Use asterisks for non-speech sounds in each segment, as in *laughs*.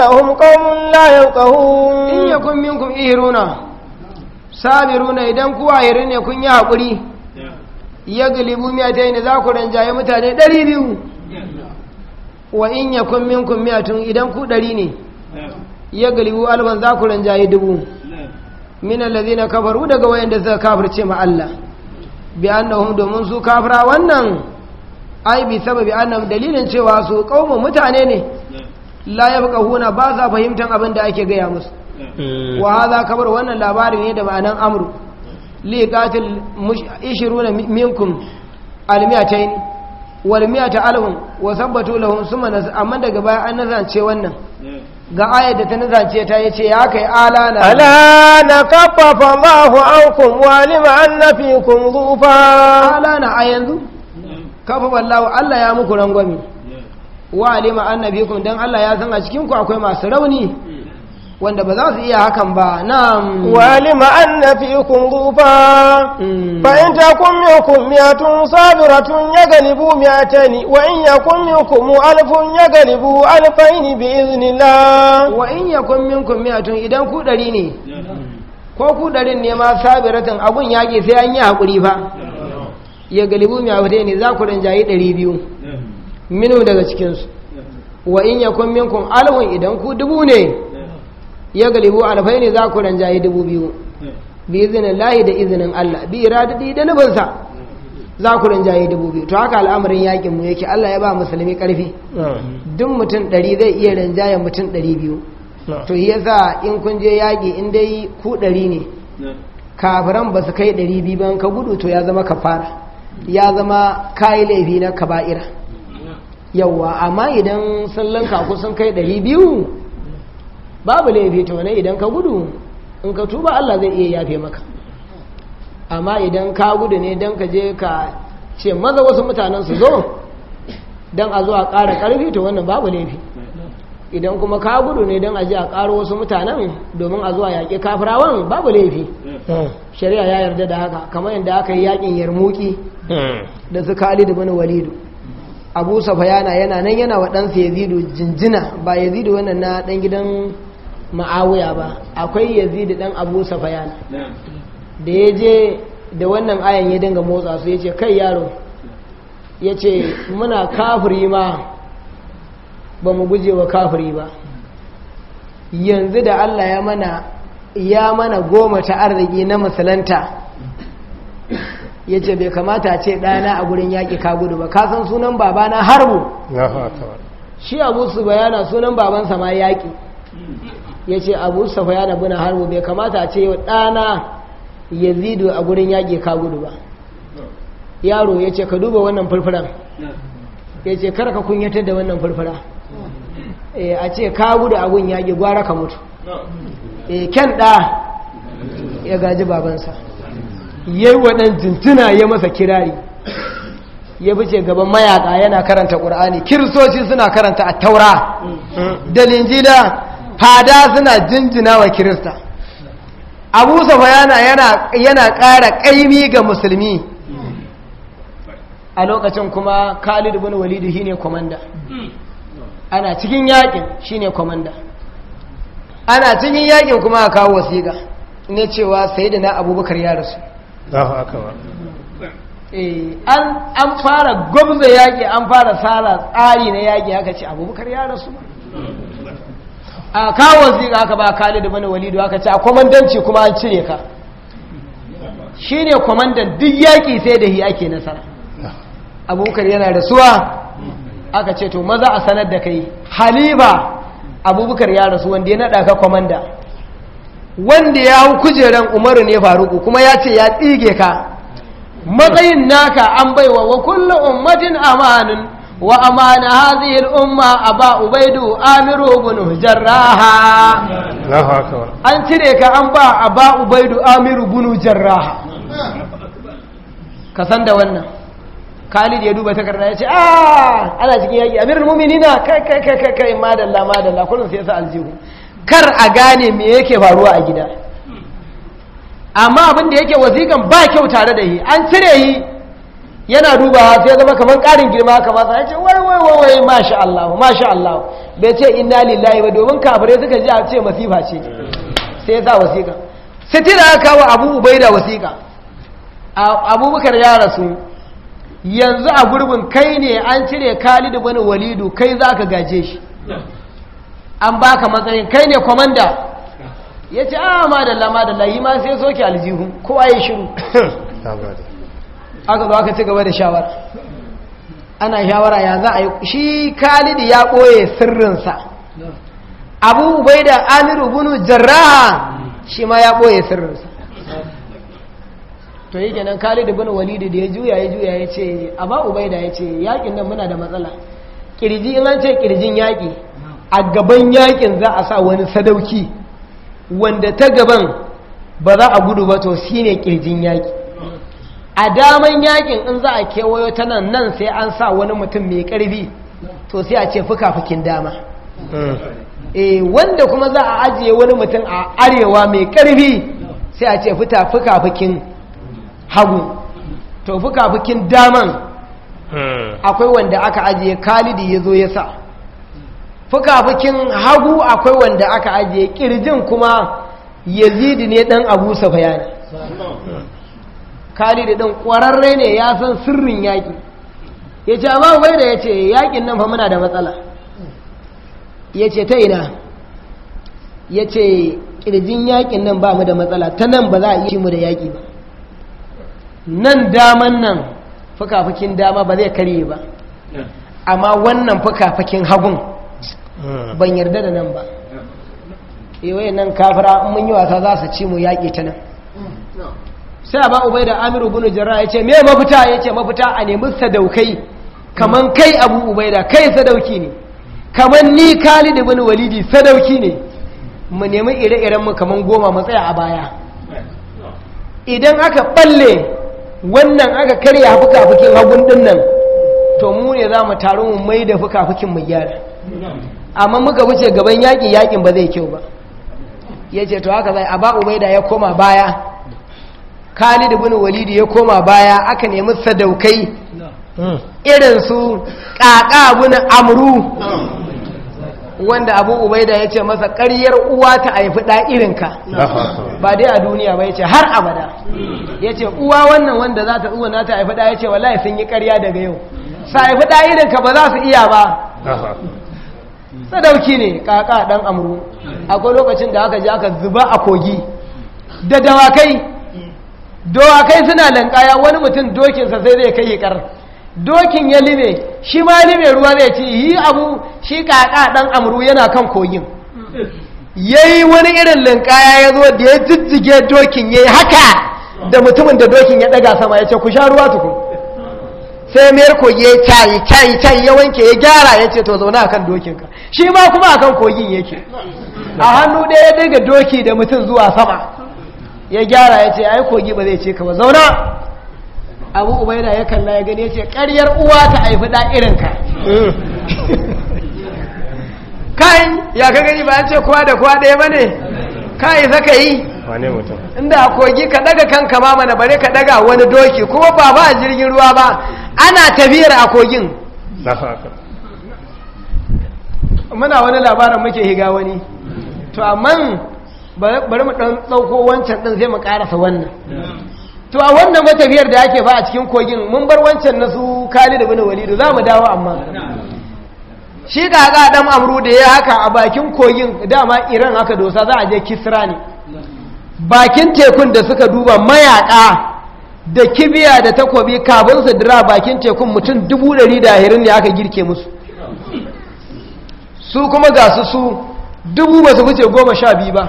لهم قوم لا يفقهون إن يكن منكم إيرون صابرون إذا كوا يكون يكن يعقلي يغلب مئتين ذاك رنجاي متاني دليل وإن يكن منكم مئة إذا كوا دليني يغلب ألوان ذاك رنجاي دبو من الذين كفروا daga wayanda suka kafirce ma Allah bi annahum domin su kafira wannan ai bi sababi annam dalilin cewa su kauma mutane ne la huna ba za fahimtan abin da ake gaya musu mm. wa haza kabar wannan labarin ne da ma'anan amru li qatil 20 minkum almi'atayn wal mi'ata alhum wa sabbatu lahum summa amma daga baya an nazance wannan ga ayar da ta nazance ta yace ya kai alana alana kaffafa Allahu ankum wa lima anna fikum dhufa alana a yanzu kaffafa Allah Allah ya muku rangwami wa alima annabikum dan Allah ya san a cikin ku akwai masu rauni wanda ba za su iya hakan ba na'am alima annabikum rufa fa in takum minkum mi'atun sabiratun yaghlibu mi'atani wa in yakum minkum alfun yaghlibu alfayn bi iznillah wa in yakum minkum mi'atun idan ku dari ne ko ku darin ne ma sabiratun abun yake sai an yi hakuri fa ya galibu mi'atayn za ku rinjayi 200 minu daga cikin su wa in ya kun minkun alhun idan ku dubu ne ya galibu alfai ne za ku yi dubu biyu bi izinin lahi da izinin Allah bi iradadi da nubansa za ku yi dubu biyu to haka al'amarin yakin mu yake Allah ya ba musulmi karfi duk mutum ɗari zai iya ya mutum ɗari biyu to yasa in kun je yaƙi in dai ku ɗari ne kafiran ba su kai ɗari biyu ban ka gudu to ya zama kafara ya zama kayi laifi na kaba'ira yawa amma idan sallan kaku sun kai ɗari biyu babu laifi to ne idan ka gudu in ka tuba Allah zai iya yafe maka amma idan ka gudu ne don ka je ka ce maza wasu mutanen su zo don a zo a ƙara ƙarfi to wannan babu laifi idan kuma ka gudu ne don a je a ƙaro wasu mutanen domin a zuwa yaƙi kafirawan babu laifi shari'a ya yarda da haka kamar yadda aka yi yaƙin yarmuki hmm. da su khalid bin walidu abu safayana yana nan yana wa ɗansa yazidu jinjina ba yazidu wannan na ɗan gidan ma'awuya ba akwai yazidu ɗan abu safayana da ya je da wannan ayan ya dinga motsa su ya ce kai yaro ya ce muna kafiri ma ba mu guje wa kafiri ba yanzu da allah ya mana ya mana goma ta arziki na musulanta ya ce bai kamata ce ɗana a gurin yaƙi ka gudu ba kasan sunan babana harbu shi abu su bayana sunan babansa ma yaƙi ya ce abu su bayana buna harbu bai kamata ce ɗana ya zido a gurin yaƙi ka gudu ba yaro ya ce ka duba wannan furfuran ya ce kar ka kunyatar da wannan furfura eh, a ce ka gudu a gun yaƙi gwara ka mutu eh, ken ɗa ya gaji babansa ya yi waɗan jinjina ya masa kirari ya fice gaban mayaƙa yana karanta ƙur'ani kiristoci suna karanta a taura da linjila fada suna jinjina wa kirista abu safayana yana ƙara ƙaimi ga musulmi a lokacin kuma khalid bin walidu shi ne kwamanda ana cikin yaƙin shi ne kwamanda ana cikin yakin kuma a kawo wasiƙa ne cewa sai da na abubakar ya rasu Eh, an fara gwamza yaƙi an fara tsara tsari na yaƙi aka ce abubakar ya rasu a kawo zira aka ba khalid mana walidu aka ce a kwamandanci kuma an cire ka shi ne kwamandan duk yaƙi sai da hi ke nasara abubakar yana rasuwa aka ce to maza a sanar da kai haliba abubakar ya rasu wanda ya naɗa ka kwamanda wanda ya hau kujeran umaru ne faruku kuma ya ce ya tsige ka matsayin naka an baiwa wa kullum ummatin amanin wa amana hadhihi al-umma aba ubaidu amiru ibn jarraha an cire ka an ba aba ubaidu amiru ibn jarraha ka san da wannan Khalid ya duba takarda ya ce ah ana cikin yaki amirul mu'minina kai kai kai kai madalla madalla kullun sai sa aljihu kar a gane me yake faruwa a gida amma abin da yake wazikan ba kyau tare da yi an cire yi yana dubawa sai zama kamar ƙarin girma haka sa ya ce wai wai wai masha Allah masha Allah bai ce inna lillahi ba domin kafirai suka ji a ce masifa ce sai ya sa wasiƙa tira aka wa abu ubaida wasiƙa abubakar ya rasu yanzu a gurbin kai ne an cire khalid bin walidu kai za ka gaje shi an baka matsayin kai ne komanda ya ce a ah, ma lama da yi ma sai soke aljihu kowa ya shiru *coughs* aka zo aka ci gaba da shawara ana shawara ya za a yi shi kalidi ya ɓoye sirrinsa abu bai da aliru bunu jarraha shi ma ya ɓoye sirrinsa to yi kenan khalid Bunu walidi da ya juya ya juya ya ce ba ubaida ya ce yakin nan muna da matsala Ƙirji in an ce kirjin yaƙi. a gaban yakin za a sa wani sadauki wanda ta gaban ba za a gudu ba to shine kirjin yaki a daman yakin in za a kewayo ta nan nan sai an sa wani mutum mai ƙarfi, to sai a ce fuka-fukin dama hmm. eh, wanda kuma za a ajiye wani mutum a arewa mai karfi sai a ce fita fuka-fukin hagu to fuka-fukin daman hmm. akwai wanda aka ajiye kalidi ya zo ya sa fukafukin hagu akwai wanda aka ajiye kirjin kuma yazidi ne dan abu safayani da din kwararre ne ya san sirrin yaki ce amma bai da ya ce yakin nan fa muna da matsala Ya ce ta ina ya ce kirjin yakin nan ba mu da matsala ta nan ba za a yi mu da yaƙi ba nan daman nan fukafukin dama ba zai karye ba amma wannan fukafukin hagun Eh. ban yarda da nan ba iwaye eh, nan kafira mun yi wasa za su ci mu yaƙi ta nan sai a ba ubai da amiru bin jira ya ce me mafita ya ce mafita a nemi sadaukai kamar kai abu ubai da kai sadauki ne kamar ni khalid bin walidi sadauki ne mu nemi ire-iren mu kamar goma mu tsaya a baya idan aka balle wannan aka karya fuka-fukin hagun dinnan to mu ne za mu taru mu mai da fuka-fukin mu gyara amma muka wuce gaban yaƙin yaƙin ba zai kyau ba ya ce to haka zai ba ubaida ya koma baya khalid bini walid ya koma baya aka nemi sadaukai irinsu su ƙaƙa ibn amru wanda abu ubaida ya ce masa ƙaryar uwa ta haifi ɗa irinka ba dai a duniya ba ya ce har abada ya ce uwa wannan wanda za ta uwa ta haifi ɗa ya ce wallahi sun yi ƙarya daga yau sa haifi ɗa irinka ba za su iya ba sadauki ne kaka dan amru akwai lokacin da aka je aka zuba a kogi da dawakai dawakai suna lankaya wani mutum dokinsa sai zai kai kar dokin ya lime shi ma lime ruwa zai ci yi abu shi kaka dan amru yana kan kogin yayi wani irin linkaya ya zo da ya jijjige dokin yayi haka da mutumin da dokin ya daga sama ya ce ku sha ruwa tukun sai mayar kogi ya cayi cayi cayi ya wanke ya gyara ya ce to zauna akan dokinka shi ma kuma akan kogin yake a hannu ɗaya ya daga doki da mutum zuwa sama ya gyara ya ce ai kogi ba zai ce ka ba zauna abu ubaida ya kalla ya gani ya ce ƙaryar uwa ta haifi ɗa irinka *laughs* kai ya ka gani ba an ce kowa da kowa ɗaya ba ne kai za ka yi inda kogi ka ɗaga kanka ma mana bare ka ɗaga wani doki kuma ba ba jirgin ruwa ba ana tafiyar a kogin muna wani labarin muke higa wani to amma bari mu ɗan ɗauko wancan ɗin zai mu ƙarasa wannan to a wannan matafiyar da ake ba a cikin kogin mun bar wancan na su kali da bini walidu za mu dawo amma shi ga ɗan amru da ya haka a bakin kogin dama iran haka dosa za a je kisra ne bakin tekun da suka duba mayaƙa da kibiya da takobi kafin su dira bakin tekun mutum dubu ɗari da ahirin ne aka girke musu su kuma ga su su dubu ba su wuce goma sha biyu ba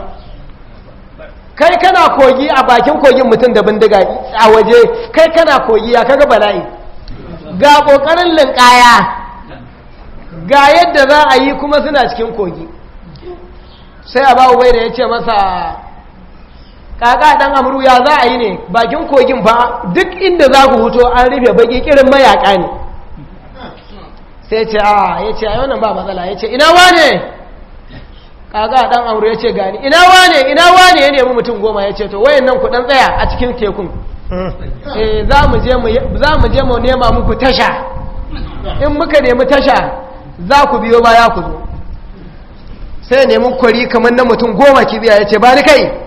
kai kana kogi a bakin kogin mutum da bindiga a waje kai kana kogi ya kaga bala'i ga ƙoƙarin linƙaya ga yadda za a yi kuma suna cikin kogi sai a ba ubai da ya ce masa kaga dan amru ya za a yi ne bakin kogin ba duk inda za ku huto an rufe baki kirin mayaka ne sai ce a ah, ya ce a wannan ba matsala ya ce ina wane kaga dan amru ya ce gani ina wane ina wane ya nemi mutum goma ya ce to wayan nan ku dan tsaya a cikin tekun *laughs* eh za mu je mu za mu je mu nema muku tasha in muka nemi tasha za ku biyo baya ku zo sai nemi kwari kamar na mutum goma biya ya ce ba ni kai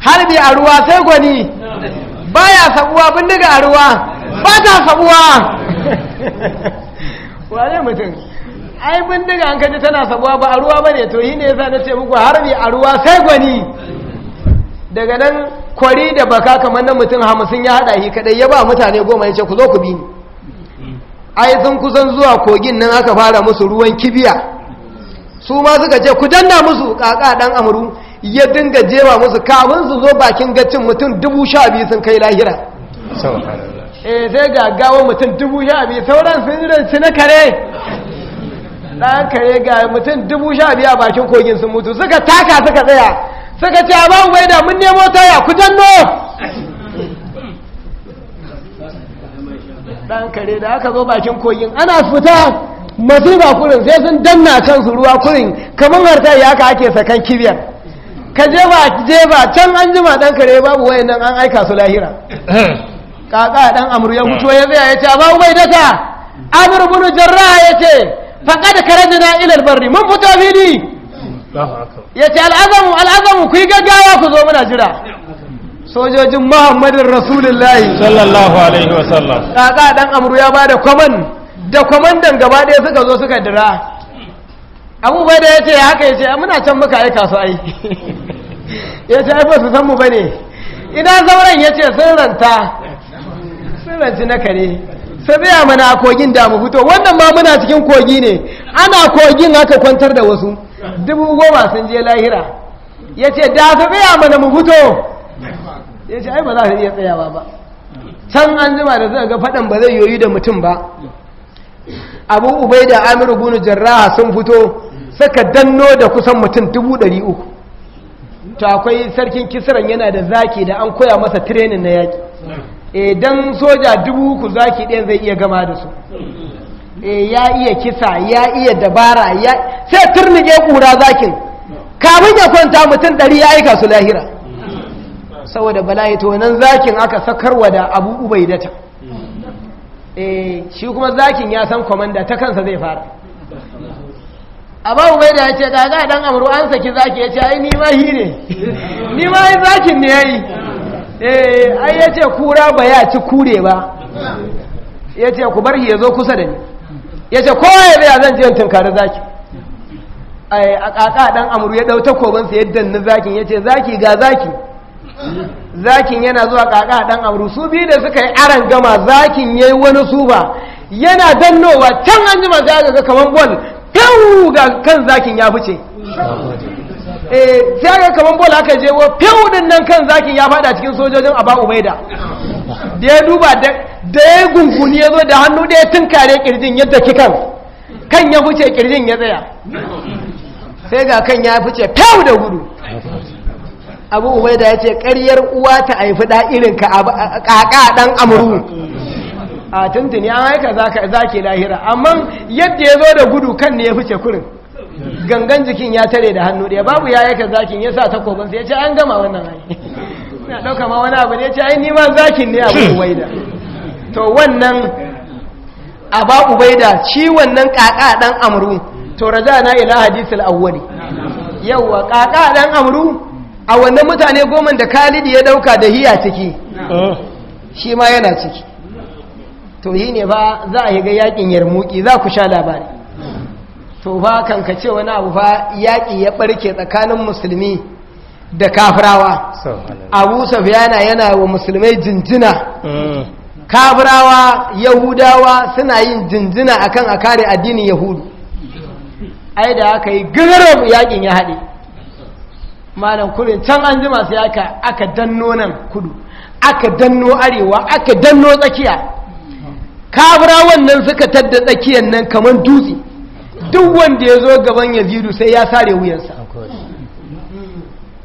harbi a ruwa sai gwani ya sabuwa bindiga a ruwa ba ta sabuwa *laughs* wane mutum ai bindiga an kaji tana sabuwa ba a ruwa ba ne to yi ne yasa na ce muku harbi a ruwa sai gwani daga nan kwari da baka kamar na mutum hamsin ya haɗa shi kaɗai ya ba mutane goma ya ce ku zo ku bi ai sun kusan zuwa kogin nan aka fara musu ruwan kibiya su ma suka ce ku danna musu kaka dan amuru ya dinga jewa musu kafin su zo bakin gacin mutum dubu sha biyu sun kai lahira eh sai ga gawo mutum dubu sha biyu sauran sun ranci na kare ɗan kare ga mutum dubu sha biyu a bakin kogin sun mutu suka taka suka tsaya suka ce ba mu da mun nemo taya ku janno ɗan kare da aka zo bakin kogin ana fita ba kurin sai sun danna kansu ruwa kurin kamar harta ya ka ake sakan kibiyar ka je ba je ba can an jima dan kare babu wayan nan an aika su lahira eh. kaka dan amru ya fito ah. ya tsaya ya ce ba ubai daka amru bin jarrah ya ce faqad karajna ila albarri mun fito fili ya ce al'azamu al'azamu ku gaggawa ku zo muna jira sojojin muhammadin rasulullahi sallallahu alaihi wasallam kaka dan amru ya bada kwaman da commandan gaba ɗaya suka zo suka dira abubuwa da ya ce haka ya ce muna can muka aika su ai *laughs* ya ce aifo su san mu ba ne idan zauren ya ce sun ranta sun ranci na kare sai zai mana a kogin da mu fito wannan ma muna cikin kogi ne ana kogin aka kwantar da wasu dubu goma sun je lahira ya ce da su tsaya mana mu fito ya ce ai ba za su iya tsayawa ba can an jima da suka ga faɗan ba zai yoyi da mutum ba abu ubai da amiru bunu jarraha sun fito suka danno da kusan mutum dubu ɗari uku to akwai sarkin kisran yana da zaki da an koya masa trenin na yaki idan eh, soja dubu uku zaki ɗaya zai iya gama da su eh, ya iya kisa ya iya dabara ya sai turnike ƙura zakin kamun ya kwanta mutum ɗari ya aika su lahira saboda bala'i to nan zakin aka sakarwa da abu ubaidata eh, shi kuma zakin ya san kwamanda ta kansa zai fara abu bai da ya ce da dan amuru an saki zaki ya ce ai ni ma hi ne *laughs* ni ma yi zakin ne yi? eh ai ya ce kura ba ya ci kure ba ya ce ku bar ya zo kusa da ni ya ce kowa ya zai zan jiyan tunkari zaki ai eh, a kaka dan amuru ya dauta kogonsa yadda ni zakin ya ce zaki ga zaki zakin yana zuwa kaka dan amuru su biyu da suka yi aran gama zakin ya yi wani suba yana dannowa can an ji sai aka ga kaman bol fiw ga kan zakin ya fice eh, sai ga kaman bola aka je wo fiw din nan kan zakin ya fada cikin sojojin aba ubaida da ya duba da ya gunguni ya zo da hannu da ya tunkare kirjin yadda kikan kan ya fice kirjin ya tsaya sai ga kan ya fice fiw da gudu abu ubaida ya ce ƙaryar uwa ta haifi da irin ka kaka ɗan amuru a tuntun an haika za ke lahira amma yadda ya zo da gudu kan ne ya fice kurin gangan jikin ya tare da hannu ɗaya babu ya haika zakin ya sa takobinsa ya ce an gama wannan hanyar na ɗauka ma wani abu ne ya ce ai nima zakin ne abu hmm. ubaida to wannan aba ubaida shi wannan kaka dan amru to raja na ila hadisul awwali yawa kaka dan amru a wannan mutane goma da Khalid ya dauka da hiya ciki oh. shi ma yana ciki to yi ne ba za a yi ga yakin yarmuki za ku sha labari to ba kan ce wani abu ba yaƙi ya barke tsakanin musulmi da kafirawa abu safiyana yana wa musulmai jinjina mm. kafirawa yahudawa suna yin jinjina akan a kare addinin yahudu ai da aka yi gagarar yaƙin ya haɗe malam kurin can an ji masu yaka aka danno nan kudu aka danno arewa aka danno tsakiya kabura wannan suka tadda tsakiyar nan kamar dutse duk wanda ya zo gaban yazidu sai ya sare wuyansa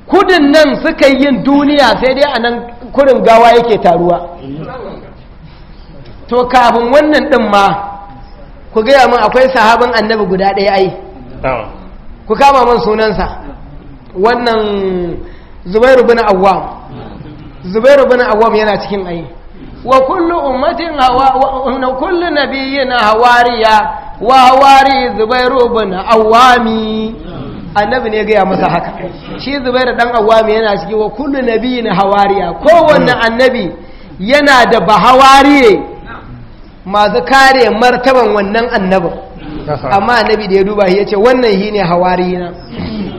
kudin nan suka yin duniya sai dai a nan kudin gawa yake taruwa to kafin wannan din ma ku gaya min akwai sahabin annabi guda ɗaya ai ku kama min sunansa wannan zubairu bin awwam zubairu bin awwam yana cikin ai wa kullu ummatin hawa kullu nabiyyin hawariya wa hawari zubairu bin awami annabi ne gaya masa haka shi zubairu dan awami yana shige wa kullu nabiyyin hawariya kowanne annabi yana da bahawariye masu kare martaban wannan annabin amma annabi da ya duba ya ce wannan shi ne hawariya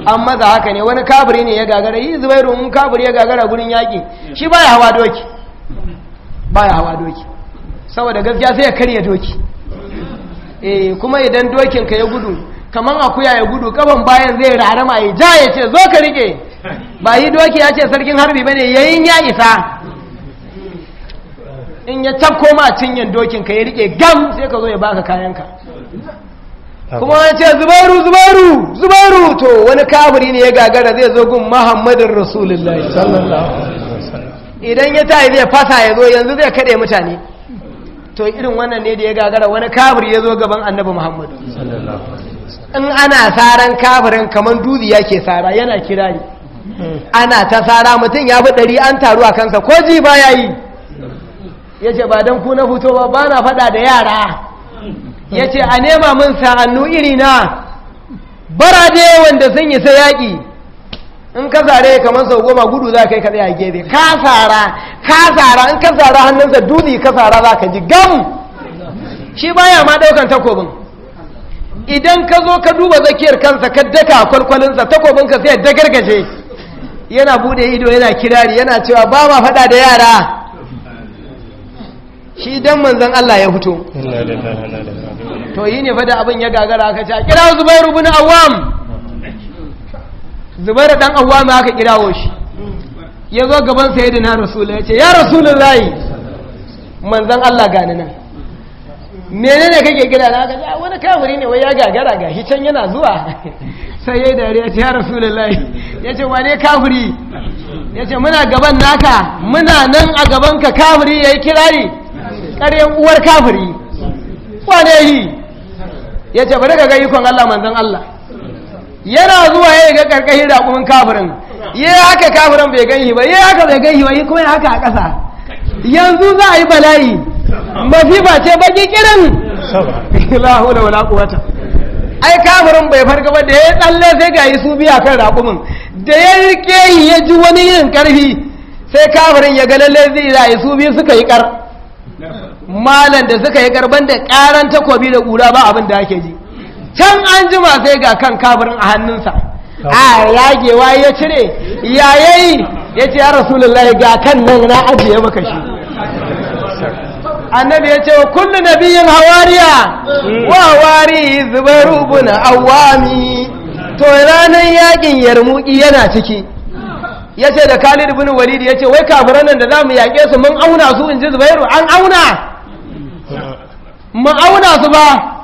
an maza haka ne wani kabiri ne ya gagara yi zubairu mun kabiri ya gagara gurin yaƙi shi ba ya hawa doki baya hawa doki saboda gaskiya sai ya karya doki eh kuma idan dokin ka ya gudu kaman akuya ya gudu kaban bayan zai rarama ya ja ya ce zo ka rike ba yi doki ya ce sarkin harbi bane yayin ya isa in ya tafko ma cinyin dokin ka ya rike gam sai ka zo ya baka kayanka kuma wani ce zubaru zubaru zubaru to wani kaburi ne ya gagara zai zo gun muhammadin rasulullahi sallallahu alaihi wasallam idan ya yi zai fasa ya zo yanzu zai kaɗe mutane to irin wannan ne da ya gagara wani kafir ya zo gaban annabi muhammadu in ana tsaran kafirin kamar ya ke tsara yana kira ne. ana ta sara mutum ya fi ɗari an taru a kansa ko ji ba ya yi ya ce ba don kuna fito ba ba na faɗa da yara ya ce a nema min sa'annu iri na barade wanda sun yi sai yaƙi in ka zare kamar sau goma gudu za ka yi kaɗai a gefe ka tsara ka tsara in ka tsara hannunsa duni ka tsara za ka ji gam shi baya ma ɗaukan takobin idan ka zo ka duba zakiyar kansa ka daka kwalkwalinsa takobin ka sai ya dagargaje yana bude ido yana kirari yana cewa ba ma faɗa da yara shi dan manzon Allah ya fito to yi ne fada abin ya gagara aka ce kira Zubairu bin awam zubair dan awwama aka kirawo shi ya zo gaban na rasula ya ce ya layi manzan Allah gani nan Mene ne kake gida na ga ah, wani kafuri ne wai ya gagara ga can yana zuwa *laughs* sai ya dare ya ce ya layi. ya ce wane kafuri? ya ce muna gaban naka muna nan a gaban ka kafuri ya yi kirari ƙaryar uwar kafuri. wane yi ya ce bari ka ga ikon Allah manzan Allah yana zuwa ya ga karkashin raƙumin kafirin ya haka kafirin bai ganyi ba ya haka bai ganyi ba ya kuma haka a ƙasa yanzu za a yi bala'i masifa ce baki kirin la da wala quwata ai kafirin bai farka ba da ya tsalle sai ga yi su biya kan raƙumin da ya rike yi ya ji wani yin karfi sai kafirin ya ga lalle zai da yi su biyu suka yi kar malan da suka yi karban da karan takobi da ƙura ba abin da ake ji can an jima sai ga kan kabarin a hannunsa a yagewa ya cire yayayi ya ce ya rasulullahi ga kan nan na ajiye maka shi annabi ya ce wa kullu nabiyin hawariya wa wari zubairu na awami to ranar yakin yarmuki yana ciki ya ce da khalid bin walid ya ce wai kafiran nan da za mu yaƙe su mun auna su in ji zubairu an auna mun auna su ba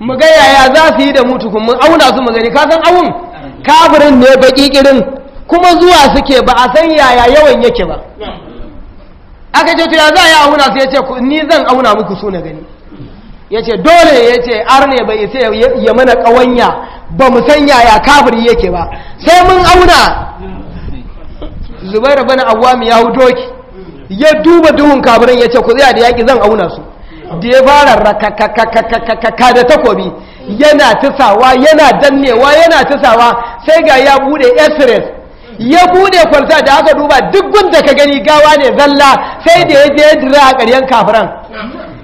mu ga yaya za su yi da mu tukun auna su mu gani ka san awun kafirin ne baki kirin kuma zuwa suke ba a san yaya yawan yake ba aka ce tuya za a yi auna su ya ce ni zan auna muku su na gani ya ce dole ya ce ar ne bai isa ya mana ƙawanya ba mu san yaya kafiri yake ba sai mun auna zubairu bana awami ya doki ya duba duhun kafirin ya ce ku zai da yaƙi zan auna su da ya fara raka da takobi yana tisawa yana dannewa yana tisawa sai ga ya bude esres ya bude kwalta da aka duba duk gunda ka gani gawa ne zalla sai da ya je dira a ƙaryen kafiran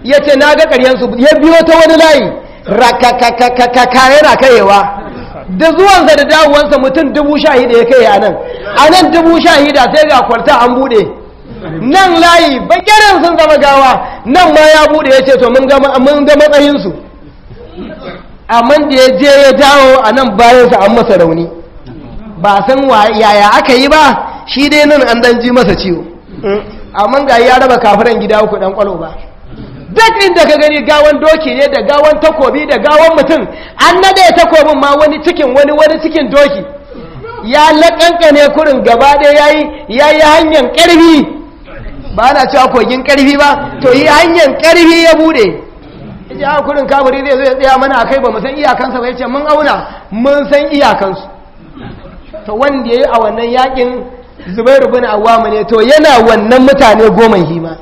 ya ce na ga ƙaryen su ya biyo ta wani layi rakakakakaka yana kayewa da zuwansa da dawowansa mutum dubu hida ya kai a nan a nan dubu sai ga kwalta an bude nan layi bakirin sun zama gawa nan ma ya bude ya ce to mun ga matsayinsu amma da ya je ya dawo a nan bayansa an masa rauni ba san yaya aka yi ba shi dai nan an dan ji masa ciwo amma ga ya raba kafiran gida uku dan kwalo ba duk inda ka gani gawan doki ne da gawan takobi da gawan mutum an nade takobin ma wani cikin wani wani cikin doki ya laƙanƙane kurin gaba ɗaya ya yi hanyar ƙarfi ba na cewa kogin karfi ba to yi hanyar karfi ya bude yace a ah, kurin kaburi zai zo ya tsaya mana akai ba musan san iyakansa ba ce mun auna mun san iyakansu to wanda ya yi a wannan yakin Zubairu rubin awamu ne to yana wannan mutane goma hima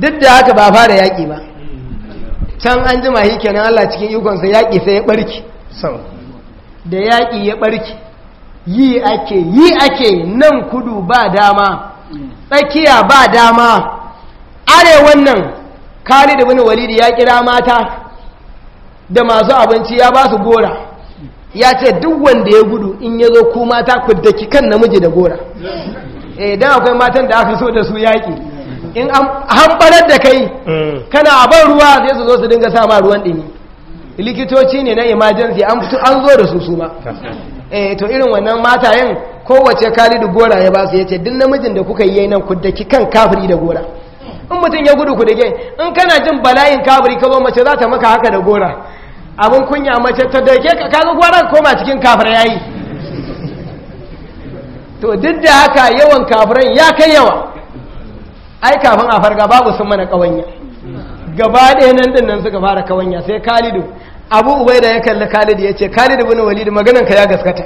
duk da haka ba fara yaki ba can an jima shi kenan Allah cikin ikonsa yaƙi sai ya barki da yaƙi ya barki yi ake yi ake nan kudu ba dama tsakiya ba dama arewannan nan khalid ibn walid ya kira mata da masu abinci ya ba su gora ya ce duk wanda ya gudu in ya zo ku mata ku daki kan namiji da gora eh dan akwai matan da aka so da su yaki in an barar da kai mm. kana a bar ruwa zai su zo su dinga sa ma ruwan ɗini likitoci ne na emergency an fito an zo da su su ma eh to irin wannan matayen kowace kalidu gora ya ba su yace duk namijin da kuka yi nan ku daki kan kafiri da gora in mutum ya gudu ku in kana jin bala'in kafiri ka zo mace za ta maka haka da gora abin kunya mace ta dake ka kaga gora koma cikin kafir yayi to duk da haka yawan kafiran ya kai yawa ai kafin a farga babu sun mana kawanya gaba ɗaya nan ɗin nan suka fara kawanya sai kalidu abu ubaida ya kalli khalid ya ce khalid ibn walid maganan ka ya gaskata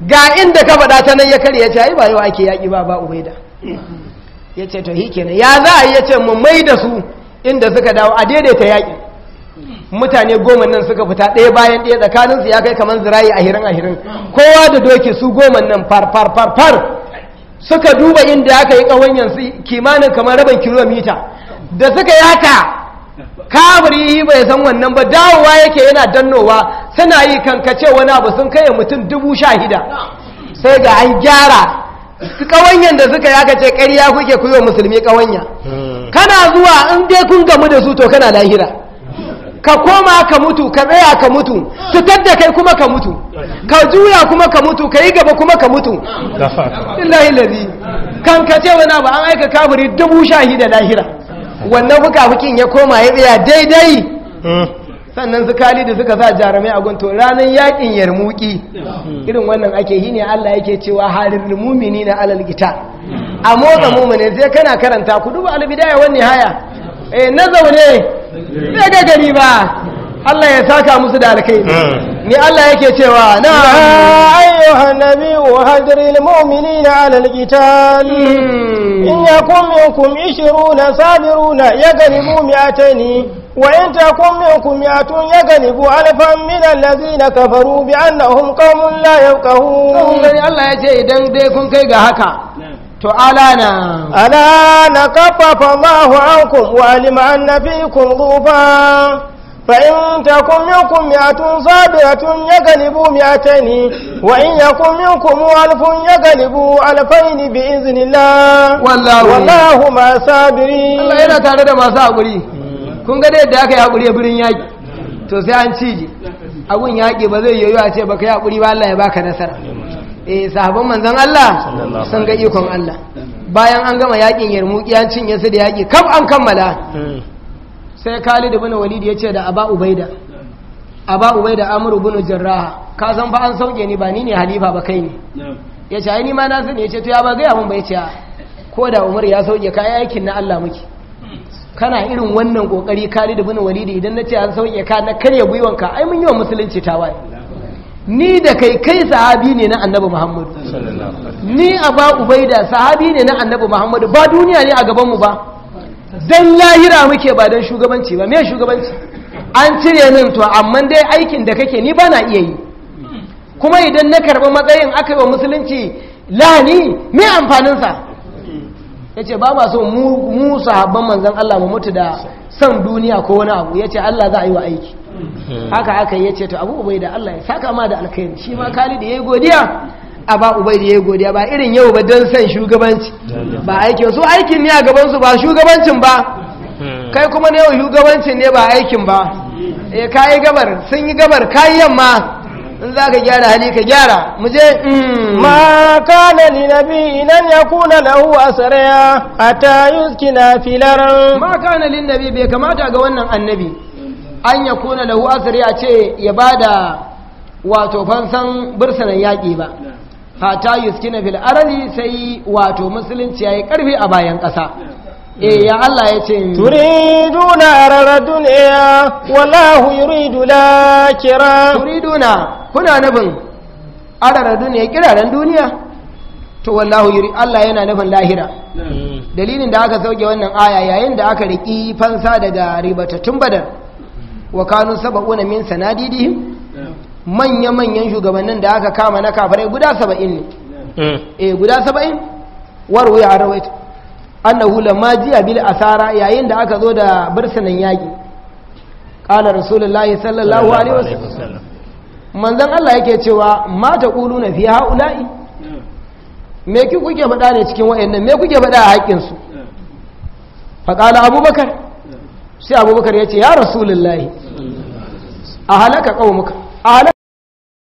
ga inda ka faɗa ta nan ya karya ya ce ai ba yau ake yaƙi ba ba ubaida ya ce to hi kenan ya za a yi ya ce mu mai da su inda suka dawo a daidaita yaƙi mutane goma nan suka fita ɗaya bayan ɗaya tsakaninsu ya kai kamar zirayi a hirin kowa da doki su goma nan far far far far suka duba inda aka yi ƙawanyan su kimanin kamar rabin kilomita da suka yaka yi bai san wannan ba dawowa yake yana dannowa suna yi kankace wani abu sun kai mutum dubu sha hida sai ga an gyara kawanyan da suka yaka ce ƙarya kuke kuyo musulmi kawanya hmm. kana zuwa in dai kun gamu da su to kana lahira ka koma ka mutu ka tsaya ka mutu fitar da kai kuma ka mutu ka juya kuma ka mutu ka yi gaba kuma ka mutu illahi lazi kankace wani abu an aika kafiri dubu sha hida lahira wannan fukafukin ya koma ya tsaya daidai hmm. sannan su kali da suka sa jarumai a gunto ranar yakin yarmuki irin wannan ake yi ne Allah yake cewa halin mumini na alal gita a motsa mumini sai kana karanta ku duba albidaya wani haya eh na zaune zai ga ba Allah ya saka musu da alkhairi hmm. ni Allah yake cewa na ayyuhan wa hadril mu'minina 'ala al-qital hmm. in yakum minkum 20 sabiruna yaghlibu mi'atayn wa in takum minkum mi'atun yaghlibu alfan min alladhina kafaru bi annahum qaumun la yafqahun Allah ya ce idan dai kun kai ga haka to alana alana kaffafa Allahu ankum wa alima fi kun dhufan فإن تكن منكم مئة صابرة يغلبوا مئتين وإن يكن منكم ألف يغلبوا ألفين بإذن الله والله, والله ما صابرين الله yana tare da masu haƙuri kun ga yadda aka yi haƙuri a birnin yaƙi to sai an ciji abun yaƙi ba zai yoyo a ce baka yi haƙuri ba Allah ya baka nasara eh sahabban manzon Allah sun ga ikon Allah bayan an gama yaƙin yarmuƙi, an cinye su da yaƙi kaf an kammala sai khalid ibn walid ya ce da aba ubaida aba ubaida amru ibn jarrah ka san fa an sauke ni ba ni ne halifa ba kai ne ya ce ai ni ma na sani ya ce to ya ba gaya mun ba ya ce ko da umar ya sauke ka aikin na Allah muke kana irin wannan kokari khalid ibn walid idan na ce an sauke ka na karya gwiwanka ai mun yi wa musulunci tawaye ni da kai kai sahabi ne na annabi muhammadu ni a ba ubaida sahabi ne na annabi muhammadu ba duniya ne a gaban mu ba don lahira muke ba don shugabanci ba me shugabanci an cire nan to amma dai aikin da kake ni ba na iya yi kuma idan na karɓi matsayin aka yi wa musulunci lani me amfaninsa ya ce ba masu musu haɓɓan manzan Allah mu mutu da son duniya ko wani abu ya ce Allah za a yi wa aiki hmm. haka aka yi ya ce to abubuwa da Allah ya saka ma da alkhairi shi ma da ya yi godiya a ba ubai da ya godiya ba irin yau ba don san shugabanci ba aikin su aikin ne a gabansu ba shugabancin ba kai kuma ne yau shugabancin ne ba aikin ba e ka yi gabar sun yi gabar yi yamma in za ka gyara hali ka gyara mu je mm. ma kana li nabi inan ya kuna lahu asraya hatta na filar ma kana lin bai kamata ga wannan annabi an ya kuna lahu saraya ce ya ba da wato fansan bursanan yaƙi ba Fata yuskina fil ardi sai wato musulunci yayi karfi a bayan ƙasa eh ya Allah ya ce turiduna araradun ya wallahu yuridu lakira turiduna kuna nufin arara duniya kiraren duniya to wallahu yuri Allah yana nufin lahira dalilin da aka sauke wannan aya yayin da aka riki fansa daga ribatattun badar wa kanu sab'una min sanadidihim manya-manyan shugabannin da aka kama na kafirai guda saba'in ne hmm. eh guda saba'in warwe a rawaita annahu lamma jiya bil asara yayin da aka zo da bursunan yaƙi ƙala rasulullahi sallallahu alaihi wasallam manzon Allah yake cewa mata kulu na fiye haula'i me ki kuke faɗa ne cikin wayannan? me kuke faɗa a fa faƙala abubakar sai abubakar ya ce ya rasulullahi a halaka ƙaunuka a